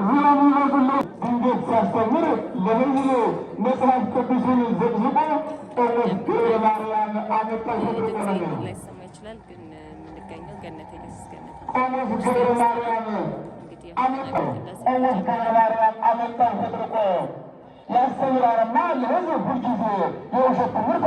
እዚህ ለሚመጡለ ድንገት ሲያስተምር ለህዝብ መጽሐፍ ቅዱስን ዘግዝቆ ቀነት ገብረ ማርያም አመጣ ሸጥቆረነ ቀነት ገብረ ማርያም አመጣው ቀነት ገብረ ማርያም አመጣ ሸጥቆ ያስተምራርማ ለህዝብ ሁልጊዜ የውሸት ትምህርት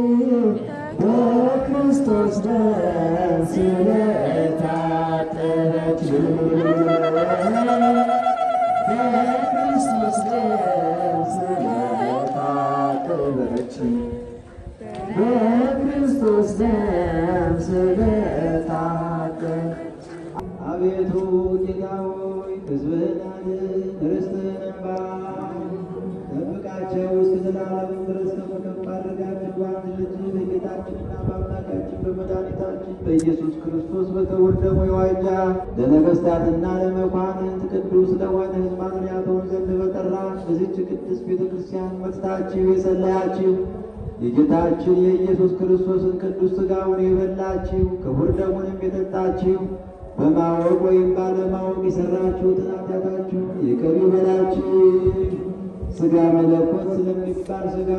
ክርስቶስ ደም ስለታጠበች በክርስቶስ ደም ስለታጠበች በክርስቶስ ደም ስለታጠበች አቤቱ ጌታ ሆይ ሕዝብህን ርስትህን ጠብቃቸው እስከ ዘላለሙ ድረስ ከፍ አድርጋ ልጅ በጌታችንና በአምላካችን በመድኃኒታችን በኢየሱስ ክርስቶስ በተወደሙ የዋይታ ለነገሥታትና ለመኳንንት ቅዱስ ለሆነ ማንያ ተሆን ዘንድ በጠራ በዚች ቅድስት ቤተ ክርስቲያን መጥታችሁ የጸለያችሁ የጌታችን የኢየሱስ ክርስቶስን ቅዱስ ሥጋውን የበላችሁ ክቡር ደሙንም የጠጣችሁ በማወቅ ወይም ባለማወቅ የሠራችሁ ጥናታታችሁ ይቅር ይበላችሁ። ስጋ መለኮት ስለሚባል ስጋ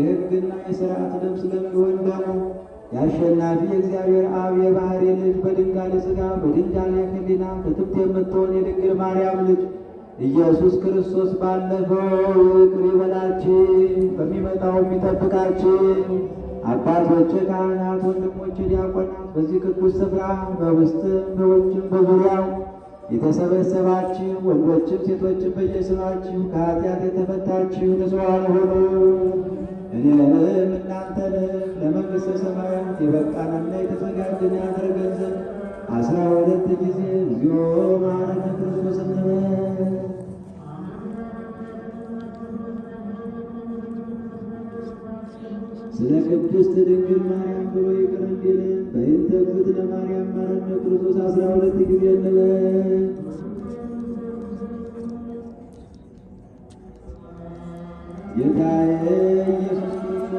የህግና የሥርዓት ልብስ ስለሚሆን ደሙ የአሸናፊ የእግዚአብሔር አብ የባህሪ ልጅ በድንጋሌ ስጋ በድንጋሌ ሕሊና ክትብት የምትሆን የድንግል ማርያም ልጅ ኢየሱስ ክርስቶስ ባለፈው ይቅር ይበላችን በሚመጣውም አባቶች ካህናት፣ ወንድሞች ዲያቆናት በዚህ ቅዱስ ስፍራ በውስጥም በውጭም በዙሪያው የተሰበሰባችሁ ወንዶችም ሴቶችም በየስማችሁ ከኃጢአት የተፈታችሁ ንጹሐን ሁኑ፣ እኔንም እናንተንም ለመንግሥተ ሰማያት የበቃንና የተዘጋጀን ዘንድ አስራ ሁለት ጊዜ እግዚኦ ክርስቶስ እንበል። ስለ ቅድስት ድንግል ማርያም ብሎ ይቅር በይንተ ማርያም መሐረነ ክርስቶስ አስራ ሁለት ጊዜ እንበል። ጌታዬ ኢየሱስ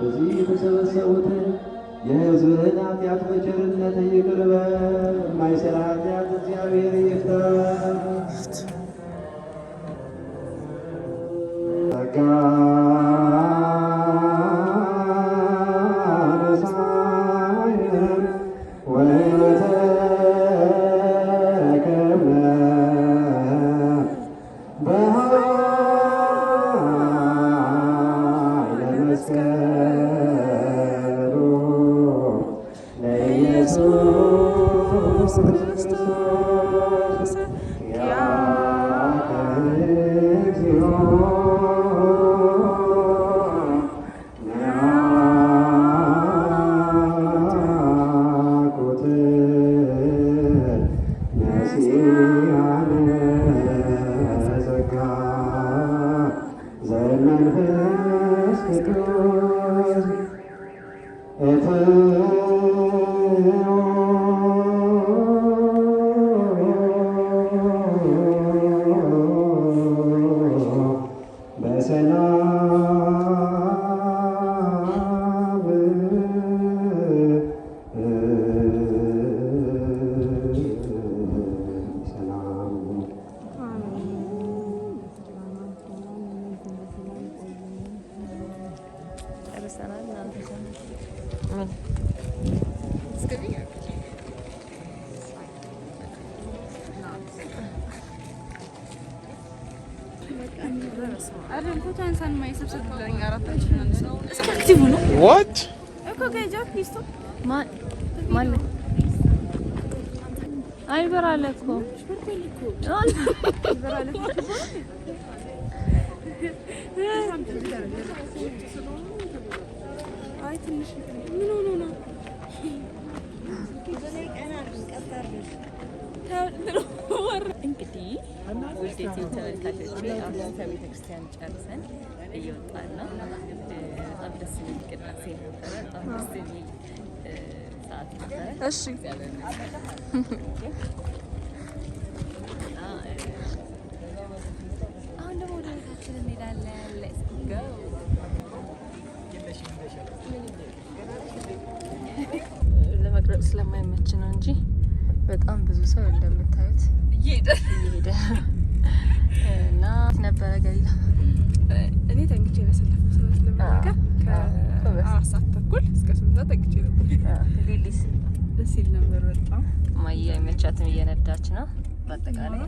በዚህ የተሰበሰቡትን የሕዝብህን ኃጢአት በቸርነት ይቅር በል። የማይሰራ ኃጢአት እግዚአብሔር ይፍታ። It's gonna be okay. ምን ሆኖ ነው? እንግዲህ ውዴት ተመልካቾች አሁን ከቤተክርስቲያን ጨርሰን እየወጣን ነው። በጣም ደስ የሚል ቅዳሴ ነበረ። በጣም ደስ የሚል ሰዓት ነበረ። እሺ አሁን ደግሞ ወደ ቤታችን እንሄዳለን። መሮጥ ስለማይመች ነው እንጂ በጣም ብዙ ሰው እንደምታዩት እየሄደ እየሄደ እና ነበረ ገሊላ እኔ ተንግቼ ያሰለፍኩ ስለምናገር ከአራት ሰዓት ተኩል እስከ ስምንት ተንግቼ ነበር። ሌሊስ ደስ ይል ነበር በጣም ማየ አይመቻትም፣ እየነዳች ነው። በአጠቃላይ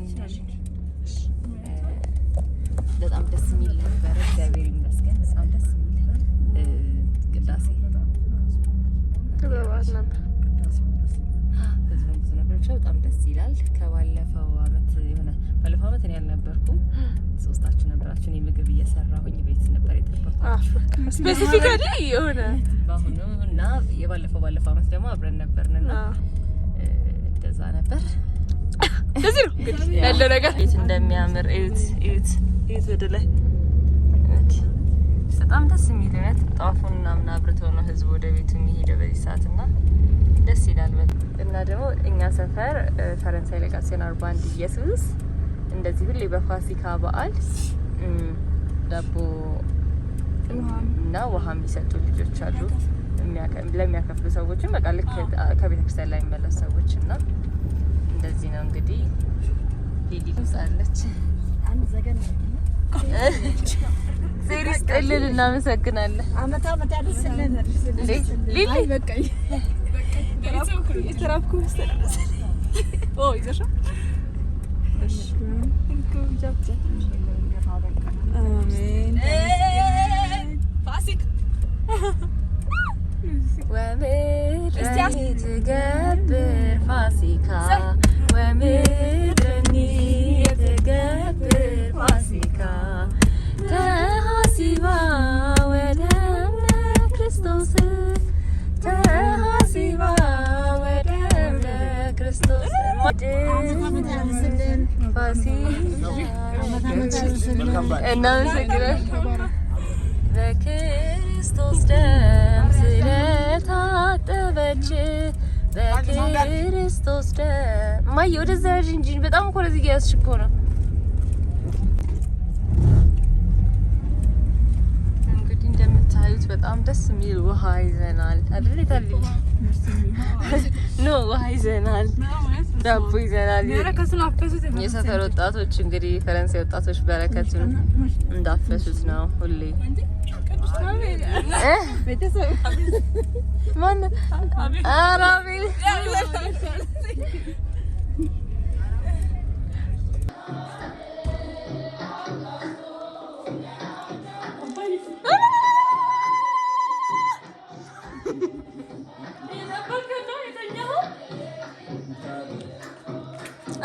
በጣም ደስ የሚል ነበረ። እግዚአብሔር ይመስገን በጣም ደስ የሚል ቅዳሴ ነበር። መናፈሻ በጣም ደስ ይላል። ከባለፈው አመት የሆነ ባለፈው አመት እኔ አልነበርኩም፣ ሶስታችሁ ነበራችሁ። እኔ ምግብ እየሰራሁኝ ቤት ነበር የጠበኳስፔሲፊካሊ የሆነ በአሁኑ እና የባለፈው ባለፈው አመት ደግሞ አብረን ነበርንና እንደዛ ነበር። እዚህ ነው እንግዲህ ያለው ነገር ቤት እንደሚያምር እዩት፣ እዩት፣ እዩት ወደ ላይ በጣም ደስ የሚል እውነት ጧፉን ምናምን አብርተው ነው ህዝብ ወደ ቤቱ የሚሄደው በዚህ ሰዓት እና ደስ ይላል በጣም እና ደግሞ እኛ ሰፈር ፈረንሳይ ለጋሴን አርባ አንድ ኢየሱስ እንደዚህ ሁሌ በፋሲካ በዓል ዳቦ እና ውሃ የሚሰጡ ልጆች አሉ። ለሚያከፍሉ ሰዎችም በቃ ልክ ከቤተ ክርስቲያን ላይ የሚመለሱ ሰዎች እና እንደዚህ ነው እንግዲህ ሊሊ አለች። ሴሪስ ቅልል እናመሰግናለን። አመት አመት ያደስልን ሊሊ የተራብኩ ይዘሻ እናመሰግናል። በክርስቶስ ደም ስለታጠበች በክርስቶስ ደም ማየ ወደዛ ያዥ እንጂ በጣም እኮ ለዚህ ያዝሽ እኮ ነው። እንግዲህ እንደምታዩት በጣም ደስ የሚል ውሃ ይዘናል አይደል? ኖ ውሃ ይዘናል። ዳቦ ይዘናል። የሰፈር ወጣቶች እንግዲህ ፈረንሳይ ወጣቶች በረከቱን እንዳፈሱት ነው ሁሌ ማን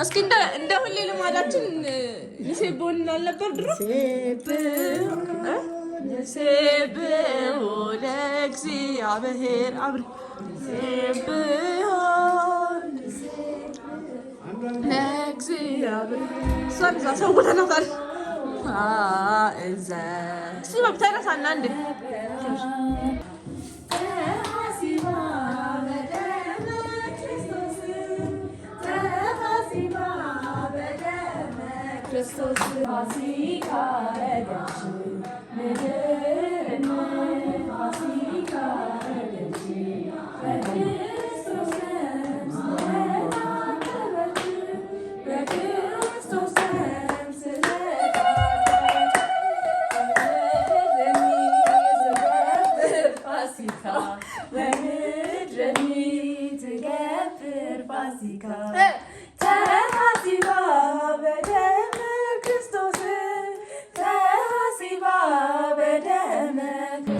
እስኪ እንደ እንደ ሁሌ ልማዳችን ንሴቦን አልነበር ድሮ ንሴብሖ ለእግዚአብሔር አብ ንሴብሖ ለእግዚአብሔር እሷን ሰውተናታል እዘ እስኪ እንዴ Christos, the c e s s i a h and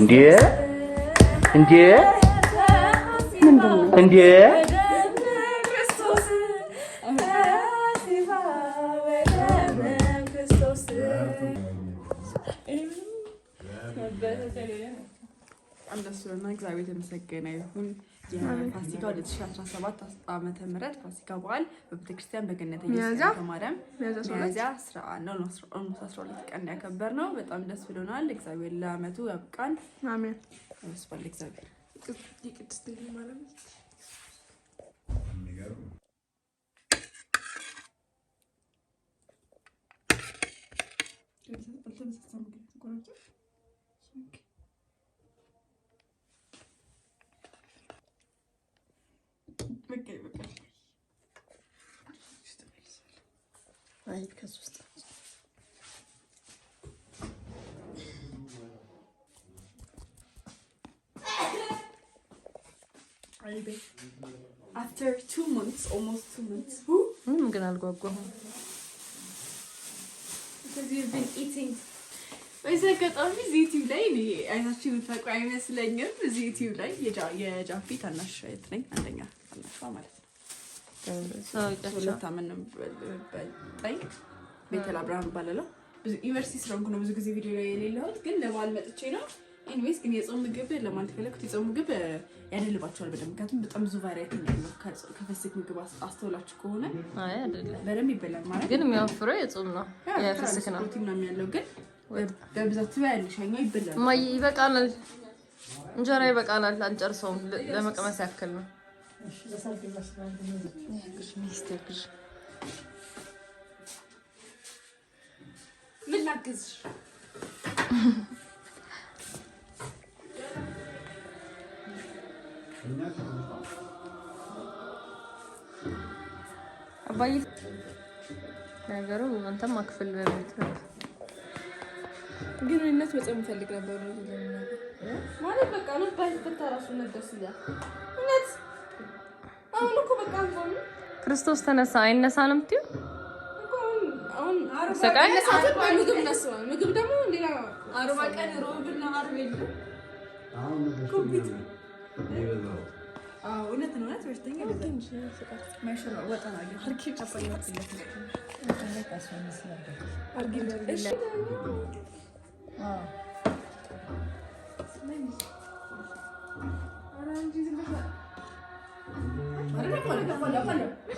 እንዴ እንዴ እንዴ እግዚአብሔር የተመሰገነ ይሁን። የፋሲካ ወደ 2017 ዓመተ ምህረት ፋሲካ በዓል በቤተክርስቲያን በገነተ ማርያም ሚያዝያ 12 ቀን ያከበር ነው። በጣም ደስ ብሎናል። እግዚአብሔር ለአመቱ ያብቃን። አሜን። ስባል እግዚአብሔር አይል ከዚህ ውስጥ ምንም ግን አልጓጓሁም። በዚህ አጋጣሚ እዚህ ዩቲዩብ ላይ አይታችሁ የምታውቁ አይመስለኝም። እዚህ ዩቲዩብ ላይ የጃፒ ታናሽ እህት ነኝ፣ አንደኛ ታናሿ ማለት ነው። ሁለት ዓመት ነው ጠይቅ ቤተል አብርሃም እባላለሁ። ዩኒቨርሲቲ ስለሆንኩ ነው ብዙ ጊዜ ቪዲዮ ላይ የሌለሁት፣ ግን ለበዓል መጥቼ ነው። ኢንዌይስ ግን የጾም ምግብ ለማለት ፈለኩት። የጾም ምግብ ያደልባቸዋል በደንብ ምክንያቱም በጣም ብዙ ቫሪያቲ ያለው ከፍስክ ምግብ አስተውላችሁ ከሆነ በደንብ ይበላል። ማለት ግን የሚያወፍረው የጾም ነው የፍስክ ነው ፕሮቲን ያለው፣ ግን በብዛት ትበያለሽ። ይበላል። ይበቃናል፣ እንጀራ ይበቃናል፣ አንጨርሰውም። ለመቅመስ ያክል ነው Засадки አባይ ነገሩ አንተም ማክፈል በሚትረፍ ግን እነት በጣም ፈልግ ነበር ማለት በቃ ነው ባይ በታራሱ ነገር ስለያ ክርስቶስ ተነሳ አይነሳ ነው የምትይው? አሁን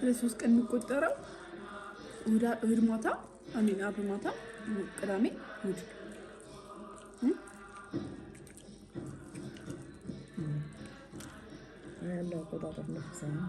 ስለ ሶስት ቀን የሚቆጠረው እሑድ ማታ አሚን አርብ ማታ ቅዳሜ እሑድ ያለው አቆጣጠር ነው።